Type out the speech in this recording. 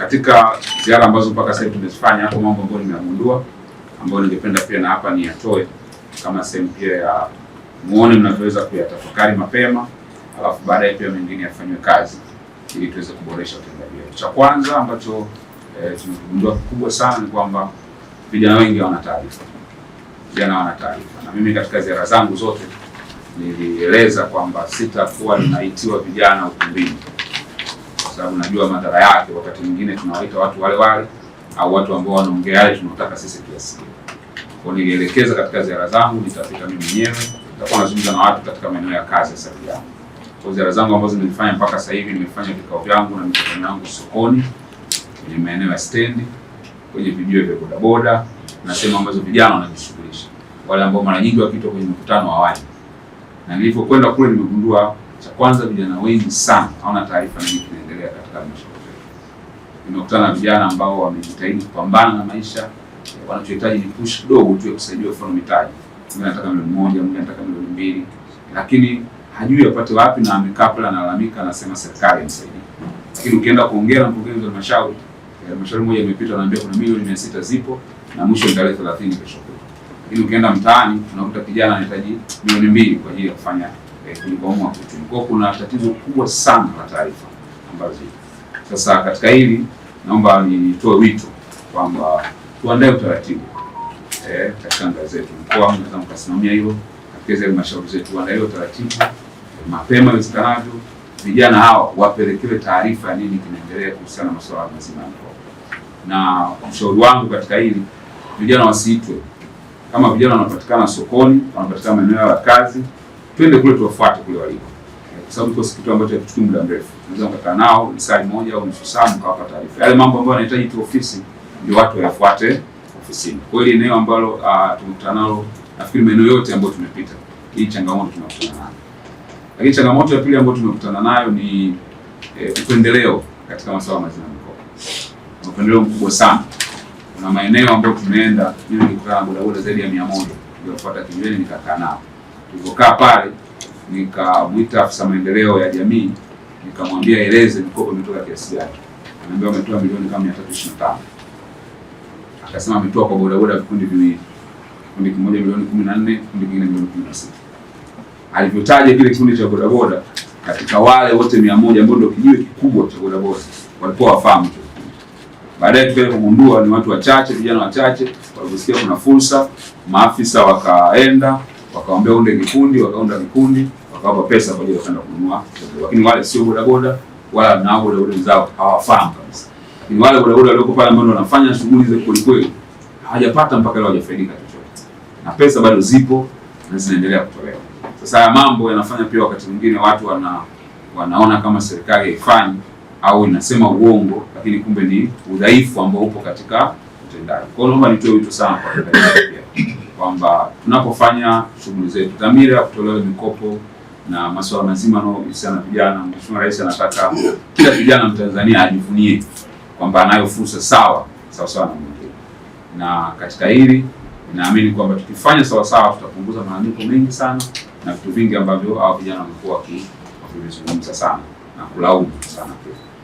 katika ziara ambazo mpaka sasa tumezifanya hapo, mambo ambayo nimeyagundua ambayo ningependa pia na hapa ni yatoe kama sehemu pia ya muone mnavyoweza kuyatafakari mapema, alafu baadaye pia mengine yafanywe kazi ili tuweze kuboresha utendaji wetu. Cha kwanza ambacho e, tumegundua kikubwa sana ni kwamba vijana wengi hawana taarifa, vijana hawana taarifa, na mimi katika ziara zangu zote nilieleza kwamba sitakuwa ninaitiwa vijana ukumbini sababu najua madhara yake. Wakati mwingine tunawaita watu wale wale au watu ambao wanaongea yale tunataka sisi tuyasikie. Kwa nilielekeza katika ziara zangu, nitafika mimi mwenyewe, nitakuwa nazungumza na watu katika maeneo ya kazi sasa yangu. Kwa ziara zangu ambazo nilifanya mpaka sasa hivi, nimefanya vikao vyangu na mikutano yangu sokoni, kwenye maeneo ya stendi, kwenye vijiwe vya bodaboda na sehemu ambazo vijana wanajishughulisha, wale ambao mara nyingi wakitoka kwenye mkutano hawaji, na nilipokwenda kule nimegundua cha kwanza, vijana wengi sana hawana taarifa nini kinaendelea katika halmashauri yetu. Nimekutana na vijana ambao wamejitahidi kupambana na maisha, wanachohitaji ni push kidogo tu ya kusaidia, mfano mitaji, mimi nataka milioni moja, mimi nataka milioni mbili, lakini hajui apate wapi, na amekaa pale analalamika, anasema serikali imsaidie. Lakini ukienda kuongea na mkurugenzi wa halmashauri, halmashauri moja imepita, anaambia kuna milioni mia sita zipo na mwisho ni tarehe 30 kesho Lakini ukienda mtaani unakuta kijana anahitaji milioni mbili kwa ajili ya kufanya eh, Kwa kuna tatizo kubwa sana la taarifa ambazo sasa katika hili naomba nitoe wito kwamba tuandae utaratibu eh, katika ngazi zetu mkoa, mnaweza mkasimamia hilo katika halmashauri zetu, tuandae utaratibu eh, mapema iwezekanavyo. Vijana hawa wapelekewe taarifa ya nini kinaendelea kuhusiana na masuala mazima ya mkoa, na ushauri wangu katika hili vijana wasiitwe. Kama vijana wanapatikana sokoni, wanapatikana maeneo ya kazi twende kule tuwafuate kule waliko, kwa sababu kwa kitu ambacho hakichukui muda mrefu. Unaweza kukaa nao lisali moja au nusu saa mkawapa taarifa yale mambo ambayo yanahitaji tu ofisi, ndio watu wayafuate ofisini. Kwa hiyo eneo ambalo uh, tumekutana nalo, nafikiri maeneo yote ambayo tumepita, hii changamoto tunakutana nayo. Lakini changamoto ya pili ambayo tumekutana nayo ni eh, upendeleo katika masuala mazima ya mikopo, upendeleo mkubwa sana. Kuna maeneo ambayo tumeenda, mimi nilikutana bodaboda zaidi ya 100 ndio kupata kijweni nikakaa nao Tulipokaa pale, nikamwita afisa maendeleo ya jamii, nikamwambia eleze mkopo umetoka kiasi gani. Anaambia wametoa milioni kama mia tatu tano. Akasema ametoa kwa bodaboda vikundi viwili, kikundi kimoja milioni kumi na nne, kikundi kingine milioni kumi na sita. Alivyotaja kile kikundi cha bodaboda, katika wale wote mia moja ambao ndio kijiwe kikubwa cha bodaboda walikuwa wafahamu baadaye tukaja kugundua ni watu wachache, vijana wachache. Waliposikia kuna fursa, maafisa wakaenda wakaambia unde vikundi, wakaunda vikundi, wakawapa pesa kwa ajili ya kwenda kununua Lakini wale sio bodaboda wala na nao bodaboda zao hawafahamu kabisa, lakini wale bodaboda walioko pale ambao wanafanya shughuli za kweli kweli hawajapata mpaka leo, hawajafaidika chochote, na pesa bado zipo na zinaendelea kutolewa. Sasa haya mambo yanafanya pia wakati mwingine watu wana wanaona kama serikali haifanyi au inasema uongo, lakini kumbe ni udhaifu ambao upo katika utendaji. Kwa hiyo naomba nitoe wito sana kwa serikali pia kwamba tunapofanya shughuli zetu, dhamira ya kutolewa mikopo na masuala mazima yanayohusiana na vijana, Mheshimiwa Rais anataka kila kijana Mtanzania ajivunie kwamba anayo fursa sawa sawa sawa na mwingine, na katika hili naamini kwamba tukifanya sawasawa tutapunguza malalamiko mengi sana na vitu vingi ambavyo hao vijana wamekuwa wakivizungumza sana na kulaumu sana pia.